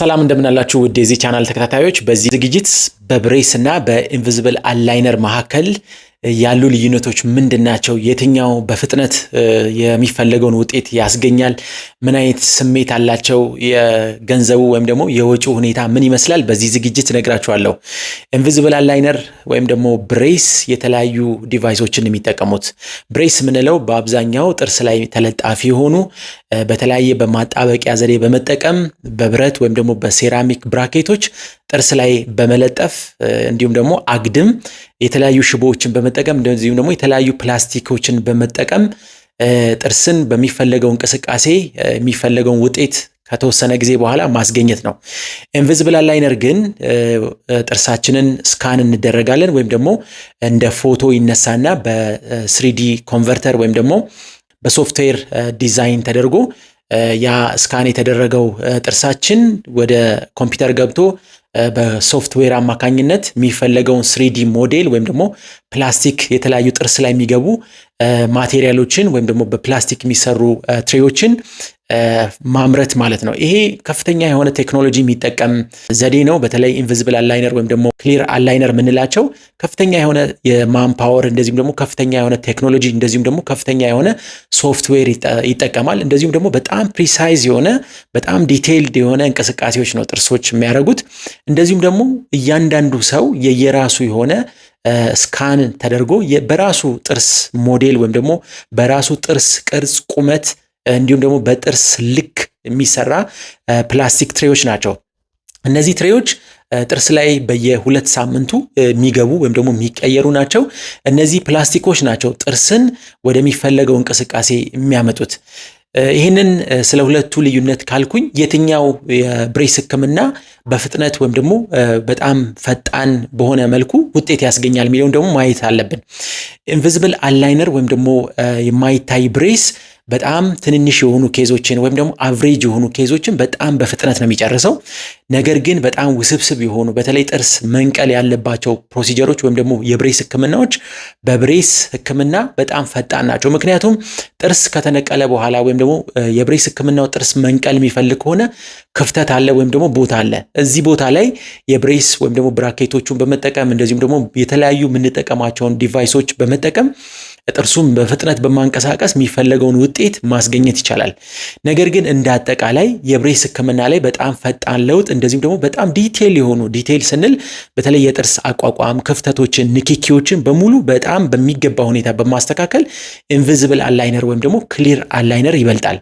ሰላም እንደምናላችሁ ውድ የዚህ ቻናል ተከታታዮች፣ በዚህ ዝግጅት በብሬስ እና በኢንቪዚብል አላይነር መካከል ያሉ ልዩነቶች ምንድን ናቸው? የትኛው በፍጥነት የሚፈለገውን ውጤት ያስገኛል? ምን አይነት ስሜት አላቸው? የገንዘቡ ወይም ደግሞ የወጪው ሁኔታ ምን ይመስላል? በዚህ ዝግጅት ነግራችኋለሁ። ኢንቪዚብል አላይነር ወይም ደግሞ ብሬስ የተለያዩ ዲቫይሶችን የሚጠቀሙት ብሬስ የምንለው በአብዛኛው ጥርስ ላይ ተለጣፊ የሆኑ በተለያየ በማጣበቂያ ዘዴ በመጠቀም በብረት ወይም ደግሞ በሴራሚክ ብራኬቶች ጥርስ ላይ በመለጠፍ እንዲሁም ደግሞ አግድም የተለያዩ ሽቦዎችን በመጠቀም እንደዚሁም ደግሞ የተለያዩ ፕላስቲኮችን በመጠቀም ጥርስን በሚፈለገው እንቅስቃሴ የሚፈለገውን ውጤት ከተወሰነ ጊዜ በኋላ ማስገኘት ነው። ኢንቪዝብል አላይነር ግን ጥርሳችንን ስካን እንደረጋለን ወይም ደግሞ እንደ ፎቶ ይነሳና በስሪዲ ኮንቨርተር ወይም ደግሞ በሶፍትዌር ዲዛይን ተደርጎ ያ ስካን የተደረገው ጥርሳችን ወደ ኮምፒውተር ገብቶ በሶፍትዌር አማካኝነት የሚፈለገውን ስሪዲ ሞዴል ወይም ደግሞ ፕላስቲክ የተለያዩ ጥርስ ላይ የሚገቡ ማቴሪያሎችን ወይም ደግሞ በፕላስቲክ የሚሰሩ ትሬዎችን ማምረት ማለት ነው። ይሄ ከፍተኛ የሆነ ቴክኖሎጂ የሚጠቀም ዘዴ ነው። በተለይ ኢንቪዝብል አላይነር ወይም ደግሞ ክሊር አላይነር የምንላቸው ከፍተኛ የሆነ የማን ፓወር እንደዚሁም ደግሞ ከፍተኛ የሆነ ቴክኖሎጂ እንደዚሁም ደግሞ ከፍተኛ የሆነ ሶፍትዌር ይጠቀማል። እንደዚሁም ደግሞ በጣም ፕሪሳይዝ የሆነ በጣም ዲቴይልድ የሆነ እንቅስቃሴዎች ነው ጥርሶች የሚያደርጉት። እንደዚሁም ደግሞ እያንዳንዱ ሰው የየራሱ የሆነ ስካን ተደርጎ በራሱ ጥርስ ሞዴል ወይም ደግሞ በራሱ ጥርስ ቅርጽ፣ ቁመት እንዲሁም ደግሞ በጥርስ ልክ የሚሰራ ፕላስቲክ ትሬዎች ናቸው። እነዚህ ትሬዎች ጥርስ ላይ በየሁለት ሳምንቱ የሚገቡ ወይም ደግሞ የሚቀየሩ ናቸው። እነዚህ ፕላስቲኮች ናቸው ጥርስን ወደሚፈለገው እንቅስቃሴ የሚያመጡት። ይህንን ስለ ሁለቱ ልዩነት ካልኩኝ የትኛው የብሬስ ህክምና በፍጥነት ወይም ደግሞ በጣም ፈጣን በሆነ መልኩ ውጤት ያስገኛል የሚለውን ደግሞ ማየት አለብን። ኢንቪዝብል አላይነር ወይም ደግሞ የማይታይ ብሬስ በጣም ትንንሽ የሆኑ ኬዞችን ወይም ደግሞ አቭሬጅ የሆኑ ኬዞችን በጣም በፍጥነት ነው የሚጨርሰው። ነገር ግን በጣም ውስብስብ የሆኑ በተለይ ጥርስ መንቀል ያለባቸው ፕሮሲጀሮች ወይም ደግሞ የብሬስ ህክምናዎች በብሬስ ህክምና በጣም ፈጣን ናቸው። ምክንያቱም ጥርስ ከተነቀለ በኋላ ወይም ደግሞ የብሬስ ህክምናው ጥርስ መንቀል የሚፈልግ ከሆነ ክፍተት አለ ወይም ደግሞ ቦታ አለ። እዚህ ቦታ ላይ የብሬስ ወይም ደግሞ ብራኬቶቹን በመጠቀም እንደዚሁም ደግሞ የተለያዩ የምንጠቀማቸውን ዲቫይሶች በመጠቀም ጥርሱን በፍጥነት በማንቀሳቀስ የሚፈለገውን ውጤት ማስገኘት ይቻላል። ነገር ግን እንደ አጠቃላይ የብሬስ ሕክምና ላይ በጣም ፈጣን ለውጥ እንደዚሁም ደግሞ በጣም ዲቴል የሆኑ ዲቴል ስንል በተለይ የጥርስ አቋቋም ክፍተቶችን፣ ንክኪዎችን በሙሉ በጣም በሚገባ ሁኔታ በማስተካከል ኢንቪዝብል አላይነር ወይም ደግሞ ክሊር አላይነር ይበልጣል።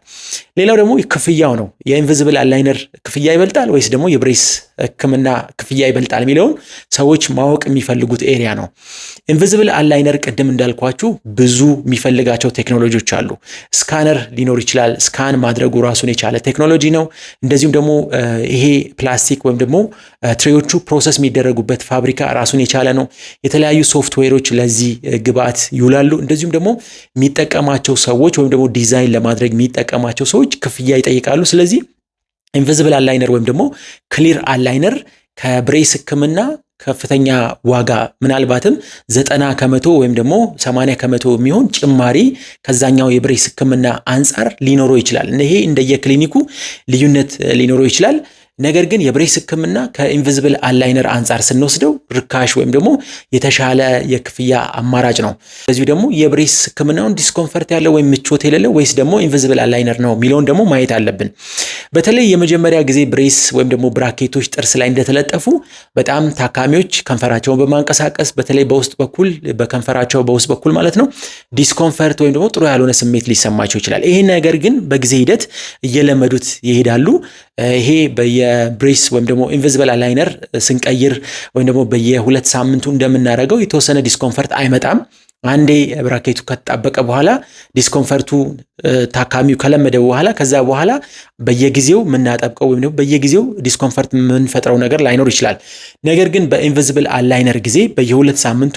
ሌላው ደግሞ ክፍያው ነው። የኢንቪዝብል አላይነር ክፍያ ይበልጣል ወይስ ደግሞ የብሬስ ሕክምና ክፍያ ይበልጣል የሚለውን ሰዎች ማወቅ የሚፈልጉት ኤሪያ ነው። ኢንቪዝብል አላይነር ቅድም እንዳልኳችሁ ብዙ የሚፈልጋቸው ቴክኖሎጂዎች አሉ። ስካነር ሊኖር ይችላል። ስካን ማድረጉ ራሱን የቻለ ቴክኖሎጂ ነው። እንደዚሁም ደግሞ ይሄ ፕላስቲክ ወይም ደግሞ ትሬዎቹ ፕሮሰስ የሚደረጉበት ፋብሪካ ራሱን የቻለ ነው። የተለያዩ ሶፍትዌሮች ለዚህ ግብአት ይውላሉ። እንደዚሁም ደግሞ የሚጠቀማቸው ሰዎች ወይም ደግሞ ዲዛይን ለማድረግ የሚጠቀማቸው ሰዎች ክፍያ ይጠይቃሉ። ስለዚህ ኢንቪዝብል አላይነር ወይም ደግሞ ክሊር አላይነር ከብሬስ ሕክምና ከፍተኛ ዋጋ ምናልባትም ዘጠና ከመቶ ወይም ደግሞ ሰማንያ ከመቶ የሚሆን ጭማሪ ከዛኛው የብሬስ ሕክምና አንጻር ሊኖረው ይችላል። ይሄ እንደየክሊኒኩ ልዩነት ሊኖረው ይችላል። ነገር ግን የብሬስ ሕክምና ከኢንቪዝብል አላይነር አንጻር ስንወስደው ርካሽ ወይም ደግሞ የተሻለ የክፍያ አማራጭ ነው። ስለዚሁ ደግሞ የብሬስ ህክምናውን ዲስኮንፈርት ያለው ወይም ምቾት የሌለው ወይስ ደግሞ ኢንቪዝብል አላይነር ነው የሚለውን ደግሞ ማየት አለብን። በተለይ የመጀመሪያ ጊዜ ብሬስ ወይም ደግሞ ብራኬቶች ጥርስ ላይ እንደተለጠፉ በጣም ታካሚዎች ከንፈራቸውን በማንቀሳቀስ በተለይ በውስጥ በኩል በከንፈራቸው በውስጥ በኩል ማለት ነው ዲስኮንፈርት ወይም ደግሞ ጥሩ ያልሆነ ስሜት ሊሰማቸው ይችላል። ይሄ ነገር ግን በጊዜ ሂደት እየለመዱት ይሄዳሉ። ይሄ በየብሬስ ወይም ደግሞ ኢንቪዝብል አላይነር ስንቀይር ወይም ደግሞ በየሁለት ሳምንቱ እንደምናደርገው የተወሰነ ዲስኮንፈርት አይመጣም። አንዴ ብራኬቱ ከተጣበቀ በኋላ ዲስኮንፈርቱ ታካሚው ከለመደ በኋላ ከዛ በኋላ በየጊዜው የምናጠብቀው ወይም ደግሞ በየጊዜው ዲስኮንፈርት የምንፈጥረው ነገር ላይኖር ይችላል። ነገር ግን በኢንቪዝብል አላይነር ጊዜ በየሁለት ሳምንቱ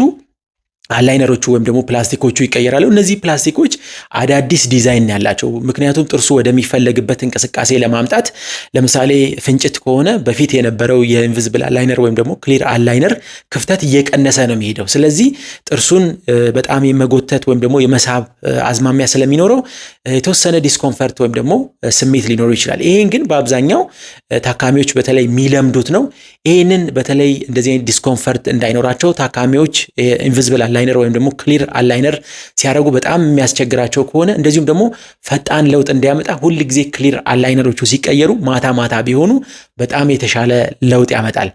አላይነሮቹ ወይም ደግሞ ፕላስቲኮቹ ይቀየራሉ። እነዚህ ፕላስቲኮች አዳዲስ ዲዛይን ያላቸው ምክንያቱም ጥርሱ ወደሚፈለግበት እንቅስቃሴ ለማምጣት ለምሳሌ ፍንጭት ከሆነ በፊት የነበረው የኢንቪዝብል አላይነር ወይም ደግሞ ክሊር አላይነር ክፍተት እየቀነሰ ነው የሚሄደው። ስለዚህ ጥርሱን በጣም የመጎተት ወይም ደግሞ የመሳብ አዝማሚያ ስለሚኖረው የተወሰነ ዲስኮንፈርት ወይም ደግሞ ስሜት ሊኖረው ይችላል። ይሄን ግን በአብዛኛው ታካሚዎች በተለይ የሚለምዱት ነው። ይህንን በተለይ እንደዚህ ዲስኮንፈርት እንዳይኖራቸው ታካሚዎች ኢንቪዝብል አላይነር ወይም ደግሞ ክሊር አላይነር ሲያደርጉ በጣም የሚያስቸግራቸው ከሆነ እንደዚሁም ደግሞ ፈጣን ለውጥ እንዲያመጣ ሁል ጊዜ ክሊር አላይነሮቹ ሲቀየሩ ማታ ማታ ቢሆኑ በጣም የተሻለ ለውጥ ያመጣል።